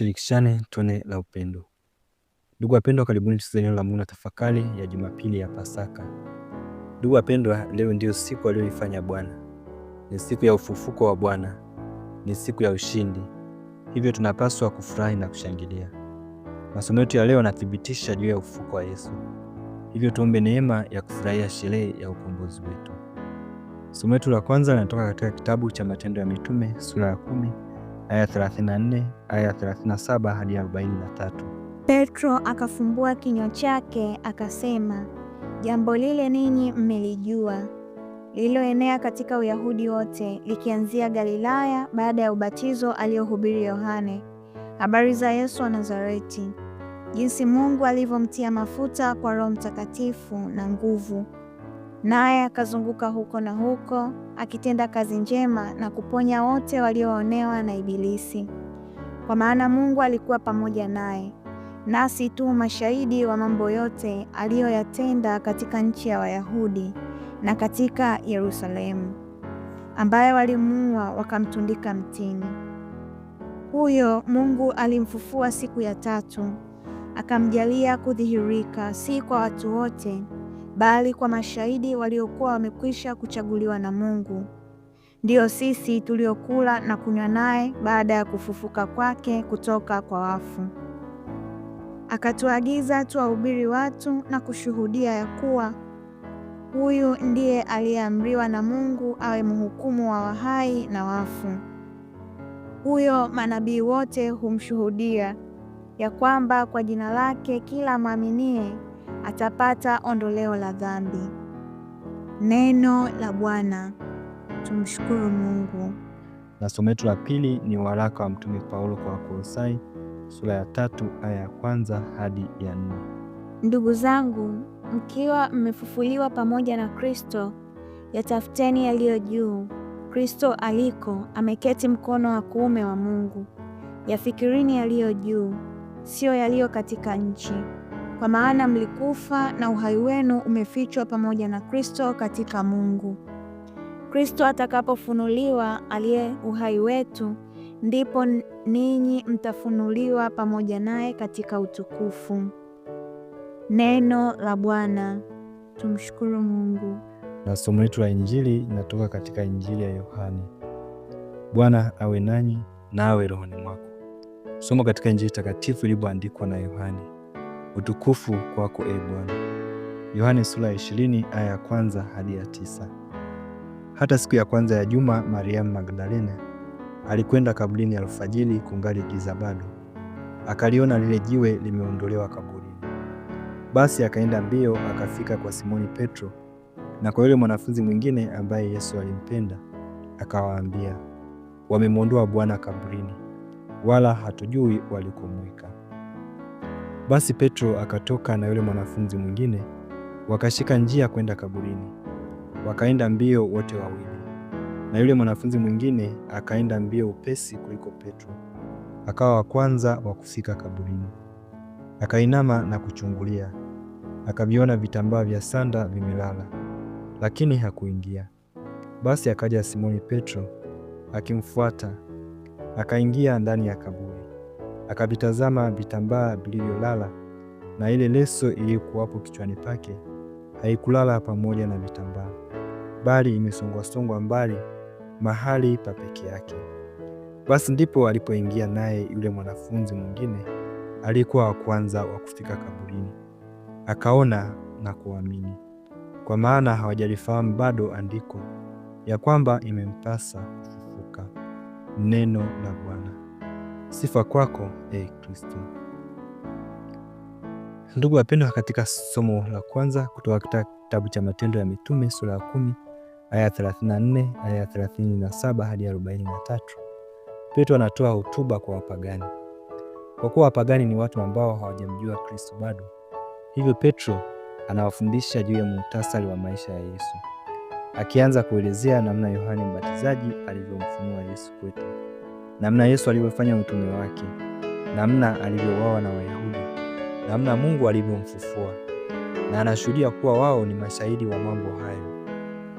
Tushirikishane tone la upendo. Ndugu wapendwa, karibuni tusikize neno la Mungu na tafakari ya Jumapili ya Pasaka. Ndugu wapendwa, leo ndiyo siku aliyoifanya Bwana. Ni siku ya ufufuko wa Bwana, ni siku ya ushindi, hivyo tunapaswa kufurahi na kushangilia. Masomo yetu ya leo yanathibitisha juu ya ufufuko wa Yesu, hivyo tuombe neema ya kufurahia sherehe ya ukombozi wetu. Somo letu la kwanza linatoka katika kitabu cha Matendo ya Mitume sura ya kumi aya 34 aya 37 hadi 43. Petro akafumbua kinywa chake akasema, jambo lile ninyi mmelijua, lililoenea katika Uyahudi wote, likianzia Galilaya, baada ya ubatizo aliyohubiri Yohane, habari za Yesu wa Nazareti, jinsi Mungu alivyomtia mafuta kwa Roho Mtakatifu na nguvu naye akazunguka huko na huko akitenda kazi njema na kuponya wote walioonewa na Ibilisi, kwa maana Mungu alikuwa pamoja naye. Nasi tu mashahidi wa mambo yote aliyoyatenda katika nchi ya Wayahudi na katika Yerusalemu, ambaye walimuua wakamtundika mtini. Huyo Mungu alimfufua siku ya tatu, akamjalia kudhihirika, si kwa watu wote bali kwa mashahidi waliokuwa wamekwisha kuchaguliwa na Mungu, ndiyo sisi tuliokula na kunywa naye baada ya kufufuka kwake kutoka kwa wafu. Akatuagiza tuwahubiri watu na kushuhudia ya kuwa huyu ndiye aliyeamriwa na Mungu awe mhukumu wa wahai na wafu. Huyo manabii wote humshuhudia ya kwamba kwa jina lake kila mwaminie atapata ondoleo la dhambi. Neno la Bwana. Tumshukuru Mungu. Na somo letu la pili ni waraka wa Mtume Paulo kwa Wakolosai sura ya tatu aya ya kwanza hadi ya nne. Ndugu zangu, mkiwa mmefufuliwa pamoja na Kristo, yatafuteni yaliyo juu, Kristo aliko ameketi mkono wa kuume wa Mungu. Yafikirini yaliyo juu, siyo yaliyo katika nchi kwa maana mlikufa na uhai wenu umefichwa pamoja na Kristo katika Mungu. Kristo atakapofunuliwa, aliye uhai wetu, ndipo ninyi mtafunuliwa pamoja naye katika utukufu. Neno la Bwana. Tumshukuru Mungu. Na somo letu la Injili linatoka katika Injili ya yohani Bwana awe nanyi na awe rohoni mwako. Somo katika Injili takatifu iliyoandikwa na yohani Utukufu kwako e Bwana. Yohane sura ya 20 aya ya kwanza hadi ya tisa. Hata siku ya kwanza ya juma, Mariamu Magdalena alikwenda kaburini alfajili, kungali giza bado, akaliona lile jiwe limeondolewa kaburini. Basi akaenda mbio akafika kwa Simoni Petro na kwa yule mwanafunzi mwingine ambaye Yesu alimpenda, akawaambia, wamemwondoa Bwana kaburini, wala hatujui walikomweka. Basi Petro akatoka na yule mwanafunzi mwingine, wakashika njia kwenda kaburini. Wakaenda mbio wote wawili, na yule mwanafunzi mwingine akaenda mbio upesi kuliko Petro, akawa wa kwanza wa kufika kaburini. Akainama na kuchungulia, akaviona vitambaa vya sanda vimelala, lakini hakuingia. Basi akaja Simoni Petro akimfuata, akaingia ndani ya kaburi Akavitazama vitambaa vilivyolala, na ile leso iliyokuwapo kichwani pake haikulala pamoja na vitambaa, bali imesongwasongwa mbali mahali pa peke yake. Basi ndipo alipoingia naye yule mwanafunzi mwingine aliyekuwa wa kwanza wa kufika kaburini, akaona na kuamini, kwa maana hawajalifahamu bado andiko ya kwamba imempasa kufufuka. Neno la Sifa kwako e Kristo. Ndugu wapendwa, katika somo la kwanza kutoka kitabu cha Matendo ya Mitume sura ya kumi aya 34 aya 37 hadi 43, Petro anatoa hotuba kwa wapagani. Kwa kuwa wapagani ni watu ambao hawajamjua Kristo bado, hivyo Petro anawafundisha juu ya muhtasari wa maisha ya Yesu, akianza kuelezea namna Yohane Mbatizaji alivyomfunua Yesu kwetu namna Yesu alivyofanya utume wake, namna alivyouawa na Wayahudi, namna Mungu alivyomfufua, na anashuhudia kuwa wao ni mashahidi wa mambo hayo,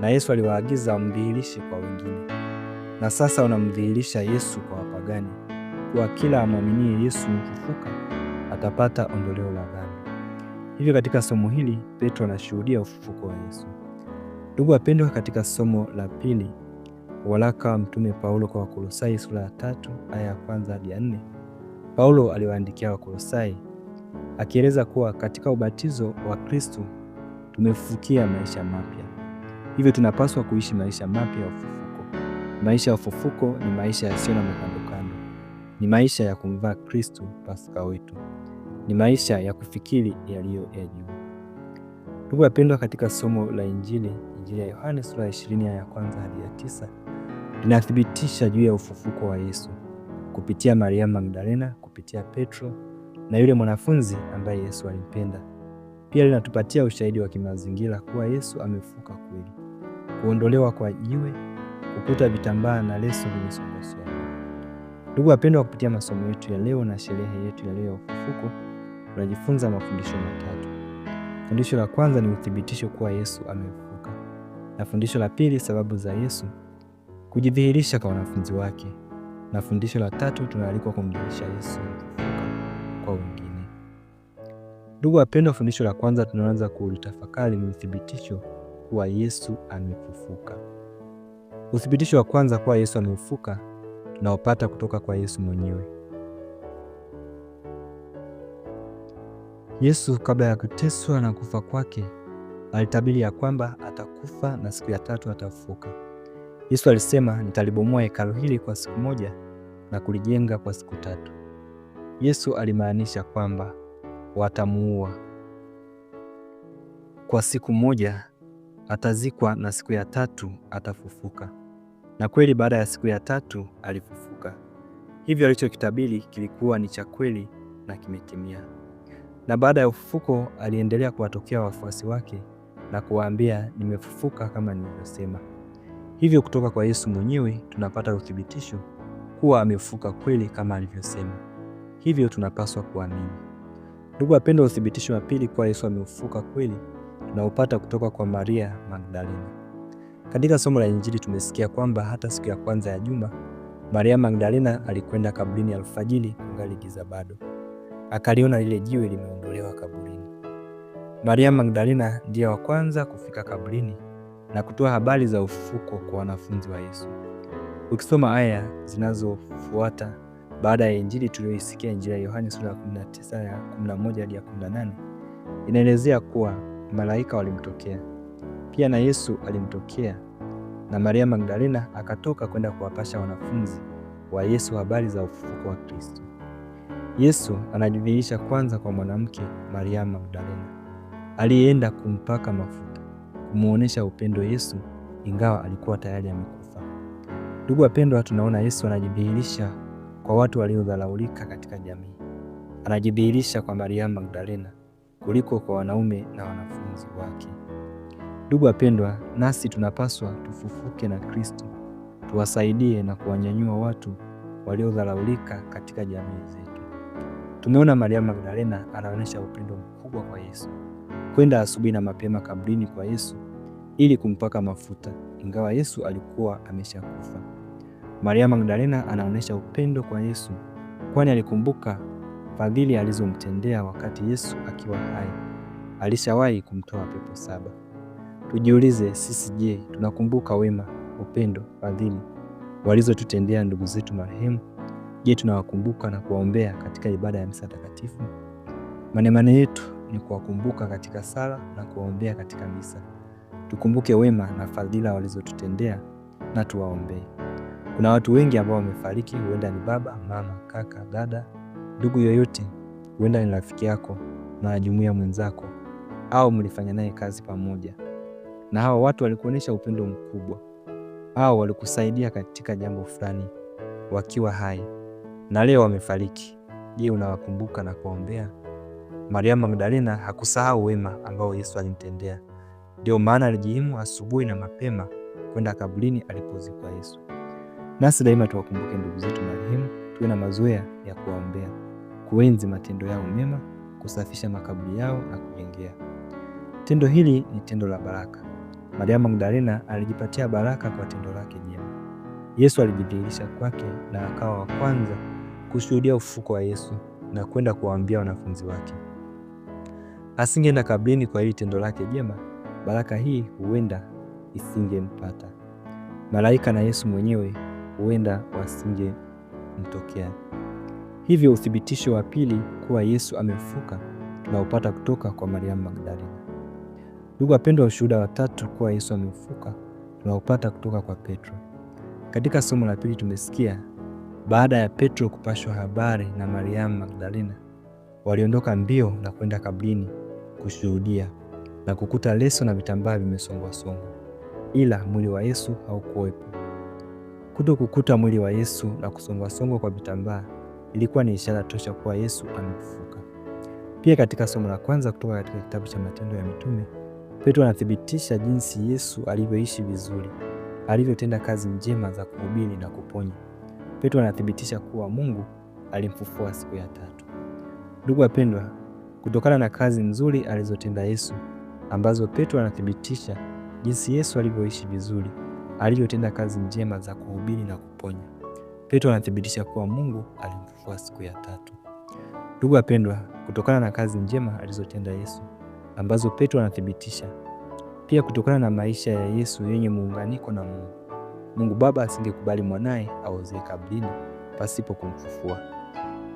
na Yesu aliwaagiza wamdhihirishe kwa wengine. Na sasa wanamdhihirisha Yesu kwa wapagani, kuwa kila amwaminie Yesu mfufuka atapata ondoleo la dhambi. Hivyo katika somo hili Petro anashuhudia ufufuko wa Yesu. Ndugu wapendwa, katika somo la pili Waraka wa Mtume Paulo kwa Wakolosai sura ya tatu aya ya kwanza hadi ya nne. Paulo aliwaandikia Wakolosai akieleza kuwa katika ubatizo wa Kristo tumefukia maisha mapya, hivyo tunapaswa kuishi maisha mapya ya ufufuko. Maisha ya ufufuko ni maisha yasiyo na makandokando, ni maisha ya kumvaa Kristo Pasaka wetu, ni maisha ya kufikiri yaliyo ya juu. Ndugu wapendwa, katika somo la Injili, Injili ya Yohane sura ya 20 aya ya kwanza hadi ya tisa linathibitisha juu ya ufufuko wa Yesu kupitia Mariamu Magdalena, kupitia Petro na yule mwanafunzi ambaye Yesu alimpenda. Pia linatupatia ushahidi wa kimazingira kuwa Yesu amefuka kweli. Kuondolewa kwa jiwe, kukuta vitambaa na leso vilisogozwa. Ndugu wapendwa, kupitia masomo yetu ya leo na sherehe yetu ya leo ya ufufuko, tunajifunza mafundisho matatu. Fundisho la kwanza ni uthibitisho kuwa Yesu amefuka na fundisho la pili sababu za Yesu kujidhihirisha kwa wanafunzi wake, na fundisho la tatu, tunaalikwa kumjulisha Yesu mfufuka kwa wengine. Ndugu wapendwa, fundisho la kwanza tunaanza kulitafakari ni uthibitisho kuwa Yesu amefufuka. Uthibitisho wa kwanza kuwa Yesu amefufuka tunaopata kutoka kwa Yesu mwenyewe. Yesu kabla ya kuteswa na kufa kwake alitabiri ya kwamba atakufa na siku ya tatu atafufuka. Yesu alisema, nitalibomoa hekalu hili kwa siku moja na kulijenga kwa siku tatu. Yesu alimaanisha kwamba watamuua kwa siku moja, atazikwa na siku ya tatu atafufuka. Na kweli baada ya siku ya tatu alifufuka. Hivyo alichokitabiri kilikuwa ni cha kweli na kimetimia. Na baada ya ufufuko aliendelea kuwatokea wafuasi wake na kuwaambia, nimefufuka kama nilivyosema. Hivyo kutoka kwa Yesu mwenyewe tunapata uthibitisho kuwa amefufuka kweli kama alivyosema. Hivyo tunapaswa kuamini. Ndugu wapendwa, uthibitisho wa pili kuwa Yesu amefufuka kweli tunaupata kutoka kwa Maria Magdalena. Katika somo la Injili tumesikia kwamba hata siku ya kwanza ya juma Maria Magdalena alikwenda kaburini alfajili kungali giza bado, akaliona lile jiwe limeondolewa kaburini. Maria Magdalena ndiye wa kwanza kufika kaburini na kutoa habari za ufufuko kwa wanafunzi wa Yesu. Ukisoma aya zinazofuata baada ya injili tuliyoisikia, Injili ya Yohani sura ya 19 ya 11 hadi ya 18, inaelezea kuwa malaika walimtokea pia na Yesu alimtokea na Maria Magdalena akatoka kwenda kuwapasha wanafunzi wa Yesu habari za ufufuko wa Kristo. Yesu anajidhihirisha kwanza kwa mwanamke Maria Magdalena aliyeenda kumpaka mafuta kumwonyesha upendo Yesu ingawa alikuwa tayari amekufa. Ndugu wapendwa, tunaona Yesu anajidhihirisha kwa watu waliodharaulika katika jamii. Anajidhihirisha kwa Mariamu Magdalena kuliko kwa wanaume na wanafunzi wake. Ndugu wapendwa, nasi tunapaswa tufufuke na Kristo, tuwasaidie na kuwanyanyua watu waliodharaulika katika jamii zetu. Tumeona Mariamu Magdalena anaonyesha upendo mkubwa kwa Yesu kwenda asubuhi na mapema kabrini kwa Yesu ili kumpaka mafuta, ingawa Yesu alikuwa ameshakufa. Maria Magdalena anaonyesha upendo kwa Yesu, kwani alikumbuka fadhili alizomtendea wakati Yesu akiwa hai. Alishawahi kumtoa pepo saba. Tujiulize sisi, je, tunakumbuka wema, upendo, fadhili walizotutendea ndugu zetu marehemu? Je, tunawakumbuka na kuwaombea katika ibada ya misa takatifu? Manemane yetu ni kuwakumbuka katika sala na kuwaombea katika misa. Tukumbuke wema na fadhila walizotutendea na tuwaombee. Kuna watu wengi ambao wamefariki, huenda ni baba, mama, kaka, dada, ndugu yoyote, huenda ni rafiki yako, mwanajumuiya mwenzako, au mlifanya naye kazi pamoja, na hawa watu walikuonyesha upendo mkubwa au walikusaidia katika jambo fulani wakiwa hai na leo wamefariki. Je, unawakumbuka na kuwaombea? Mariamu Magdalena hakusahau wema ambao Yesu alimtendea. Ndio maana alijihimu asubuhi na mapema kwenda kaburini alipozikwa Yesu. Nasi daima tuwakumbuke ndugu zetu marehemu, tuwe na mazoea ya kuwaombea, kuenzi matendo yao mema, kusafisha makaburi yao na kujengea. Tendo hili ni tendo la baraka. Mariamu Magdalena alijipatia baraka kwa tendo lake jema. Yesu alijidhihirisha kwake na akawa wa kwanza kushuhudia ufuko wa Yesu na kwenda kuwaambia wanafunzi wake asingeenda kaburini kwa hili tendo lake jema, baraka hii huenda isingempata malaika na Yesu mwenyewe huenda wasingemtokea. Hivyo uthibitisho wa pili kuwa Yesu amefufuka tunaupata kutoka kwa Mariamu Magdalena. Ndugu wapendwa, ushuhuda wa tatu kuwa Yesu amefufuka tunaupata kutoka kwa Petro. Katika somo la pili tumesikia baada ya Petro kupashwa habari na Mariamu Magdalena, waliondoka mbio na kwenda kaburini kushuhudia na kukuta leso na vitambaa vimesongwasongwa, ila mwili wa Yesu haukuwepo. Kuto kukuta mwili wa Yesu na kusongwasongwa kwa vitambaa ilikuwa ni ishara tosha kuwa Yesu amefufuka. Pia katika somo la kwanza kutoka katika kitabu cha Matendo ya Mitume, Petro anathibitisha jinsi Yesu alivyoishi vizuri, alivyotenda kazi njema za kuhubiri na kuponya. Petro anathibitisha kuwa Mungu alimfufua siku ya tatu. Ndugu wapendwa, kutokana na kazi nzuri alizotenda Yesu, ambazo Petro anathibitisha jinsi Yesu alivyoishi vizuri, alivyotenda kazi njema za kuhubiri na kuponya. Petro anathibitisha kuwa Mungu alimfufua siku ya tatu. Ndugu wapendwa, kutokana na kazi njema alizotenda Yesu, ambazo Petro anathibitisha pia kutokana na maisha ya Yesu yenye muunganiko na Mungu, Mungu Baba asingekubali mwanaye aozee kaburini pasipo kumfufua.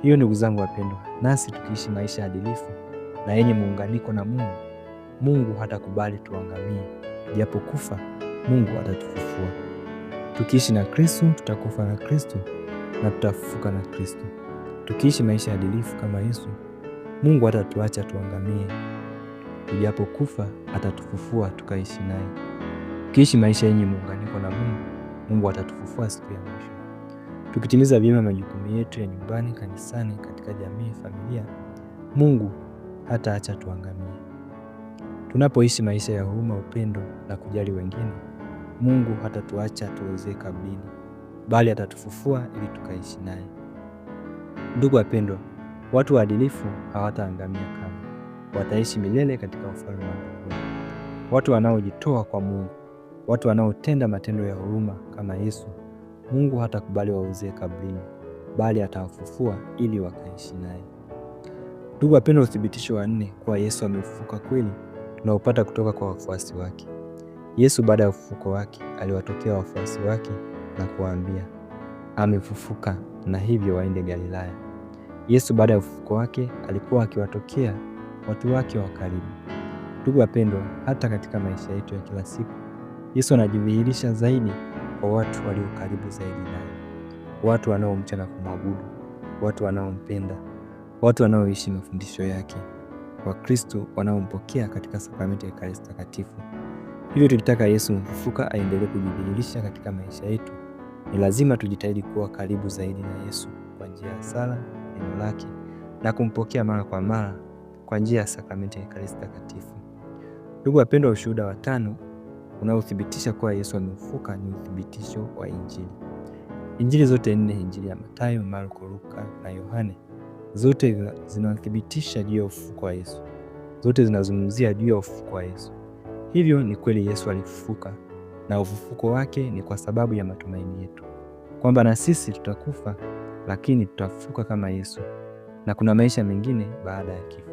Hiyo ndugu zangu wapendwa, nasi tukiishi maisha adilifu na yenye muunganiko na Mungu, Mungu hatakubali tuangamie, japo kufa Mungu atatufufua. Tukiishi na Kristo tutakufa na Kristo na tutafufuka na Kristo. Tukiishi maisha adilifu kama Yesu, Mungu hatatuacha tuangamie, japo kufa atatufufua tukaishi naye. Tukiishi maisha yenye muunganiko na Mungu, Mungu atatufufua siku ya mwisho. Tukitimiza vyema majukumu yetu ya nyumbani, kanisani, katika jamii, familia, Mungu hata acha tuangamie. Tunapoishi maisha ya huruma, upendo na kujali wengine, Mungu hatatuacha tuozee kaburini, bali atatufufua ili tukaishi naye. Ndugu wapendwa, watu waadilifu hawataangamia kamwe, wataishi milele katika ufalme wa Mungu. Watu wanaojitoa kwa Mungu, watu wanaotenda matendo ya huruma kama Yesu Mungu hatakubali wauzie kabrini, bali atawafufua ili wakaishi naye. Ndugu wapendwa, uthibitisho wa nne kuwa Yesu amefufuka kweli tunaopata kutoka kwa wafuasi wake. Yesu baada ya ufufuko wake aliwatokea wafuasi wake na kuwaambia, amefufuka na hivyo waende Galilaya. Yesu baada ya ufufuko wake alikuwa akiwatokea watu wake wa karibu. Ndugu wapendwa, hata katika maisha yetu ya kila siku Yesu anajidhihirisha zaidi kwa watu walio karibu zaidi naye, watu wanaomcha na kumwabudu, watu wanaompenda, watu wanaoishi mafundisho yake, Wakristo wanaompokea katika sakramenti ya Ekaristi Takatifu. Hivyo tukitaka Yesu mfufuka aendelee kujidhihirisha katika maisha yetu, ni lazima tujitahidi kuwa karibu zaidi na Yesu kwa njia ya sala, neno lake na kumpokea mara kwa mara kwa njia ya sakramenti ya Ekaristi Takatifu. Ndugu wapendwa, ushuhuda wa tano unaothibitisha kuwa Yesu amefufuka ni uthibitisho wa Injili. Injili zote nne, Injili ya Mathayo, Marko, Luka na Yohane, zote zinathibitisha juu ya ufufuko wa Yesu, zote zinazungumzia juu ya ufufuko wa Yesu. Hivyo ni kweli Yesu alifufuka, na ufufuko wake ni kwa sababu ya matumaini yetu kwamba na sisi tutakufa, lakini tutafufuka kama Yesu, na kuna maisha mengine baada ya kifo.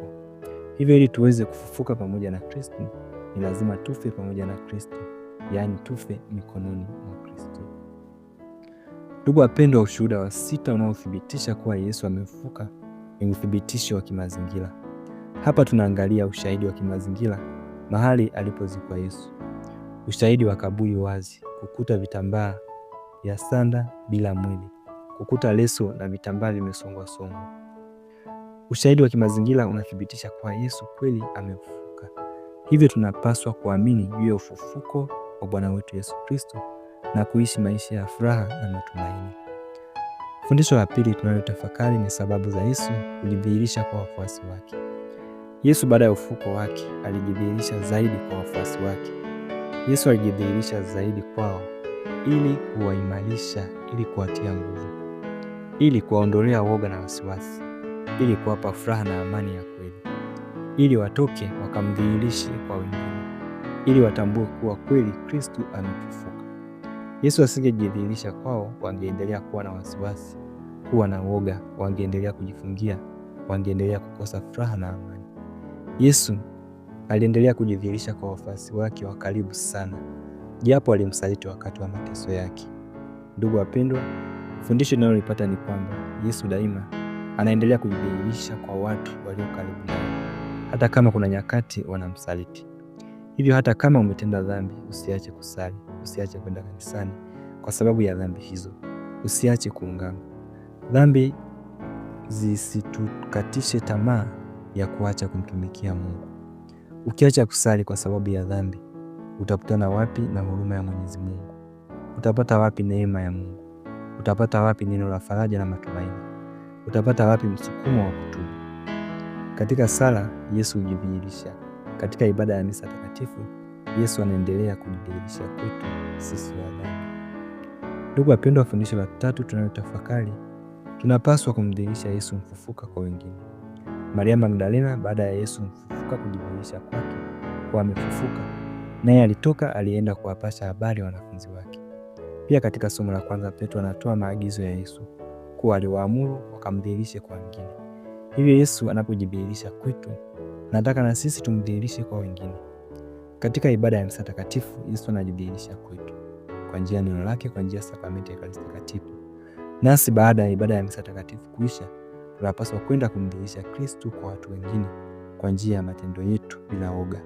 Hivyo ili tuweze kufufuka pamoja na Kristo, ni lazima tufe pamoja na Kristo yaani tufe mikononi mwa Kristo. Ndugu wapendwa, ushuhuda wa sita unaothibitisha kuwa Yesu amefufuka ni uthibitisho wa kimazingira. Hapa tunaangalia ushahidi wa kimazingira mahali alipozikwa Yesu, ushahidi wa kaburi wazi, kukuta vitambaa vya sanda bila mwili, kukuta leso na vitambaa vimesongwasongwa. Ushahidi wa kimazingira unathibitisha kuwa Yesu kweli amefufuka, hivyo tunapaswa kuamini juu ya ufufuko wa Bwana wetu Yesu Kristo na kuishi maisha ya furaha na matumaini. Fundisho la pili tunalotafakari ni sababu za Yesu kujidhihirisha kwa wafuasi wake. Yesu baada ya ufuko wake alijidhihirisha zaidi kwa wafuasi wake. Yesu alijidhihirisha zaidi kwao ili kuwaimarisha, ili kuwatia nguvu, ili kuwaondolea woga na wasiwasi, ili kuwapa furaha na amani ya kweli, ili watoke wakamdhihirishe kwa wengine ili watambue kuwa kweli Kristu amefufuka. Yesu asingejidhihirisha kwao, wangeendelea kuwa na wasiwasi, kuwa na woga, wangeendelea kujifungia, wangeendelea kukosa furaha na amani. Yesu aliendelea kujidhihirisha kwa wafuasi wake wa karibu sana, japo alimsaliti wakati wa mateso yake. Ndugu wapendwa, fundisho linalolipata ni kwamba Yesu daima anaendelea kujidhihirisha kwa watu walio karibu naye, hata kama kuna nyakati wanamsaliti. Hivyo hata kama umetenda dhambi, usiache kusali, usiache kwenda kanisani kwa sababu ya dhambi hizo, usiache kuungama. Dhambi zisitukatishe tamaa ya kuacha kumtumikia Mungu. Ukiacha kusali kwa sababu ya dhambi, utakutana wapi na huruma ya Mwenyezi Mungu? Utapata wapi neema ya Mungu? Utapata wapi neno la faraja na matumaini? Utapata wapi msukumo wa kutubu? Katika sala Yesu hujidhihirisha. Katika ibada ya misa takatifu, Yesu anaendelea kujidhihirisha kwetu sisi wanadamu. Ndugu wapendwa, fundisho la tatu tunalotafakari, tunapaswa kumdhihirisha Yesu mfufuka kwa wengine. Maria Magdalena, baada ya Yesu mfufuka kujidhihirisha kwake kwa amefufuka, naye alitoka alienda kuwapasha habari wanafunzi wake. Pia katika somo la kwanza, Petro anatoa maagizo ya Yesu kuwa aliwaamuru wakamdhihirishe kwa wengine. Hivyo Yesu anapojidhihirisha kwetu Nataka na sisi tumdhihirishe kwa wengine. Katika ibada ya misa takatifu, Yesu anajidhihirisha kwetu kwa njia ya neno lake, kwa njia ya sakramenti ya Ekaristi Takatifu. Nasi baada ya ibada ya misa takatifu kuisha, tunapaswa kwenda kumdhihirisha Kristu kwa watu wengine kwa njia ya matendo yetu bila oga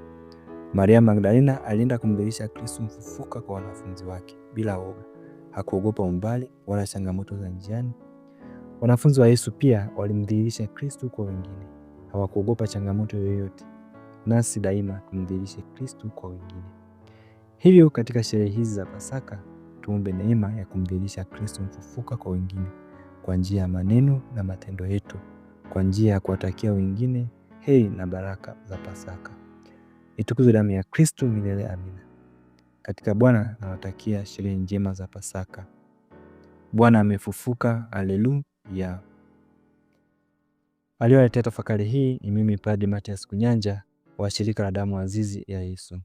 Maria Magdalena alienda kumdhihirisha Kristu mfufuka kwa wanafunzi wake bila oga Hakuogopa umbali wala changamoto za njiani. Wanafunzi wa Yesu pia walimdhihirisha Kristu kwa wengine hawakuogopa changamoto yoyote, nasi daima tumdhihirishe Kristo kwa wengine. Hivyo katika sherehe hizi za Pasaka tuombe neema ya kumdhihirisha Kristo mfufuka kwa wengine kwa njia ya maneno na matendo yetu, kwa njia ya kuwatakia wengine heri na baraka za Pasaka. Itukuzwe damu ya Kristo! Milele amina. Katika Bwana nawatakia sherehe njema za Pasaka. Bwana amefufuka! aleluya aliyoletea tafakari hii ni mimi Padre Mathias Kunyanja wa shirika la damu azizi ya Yesu.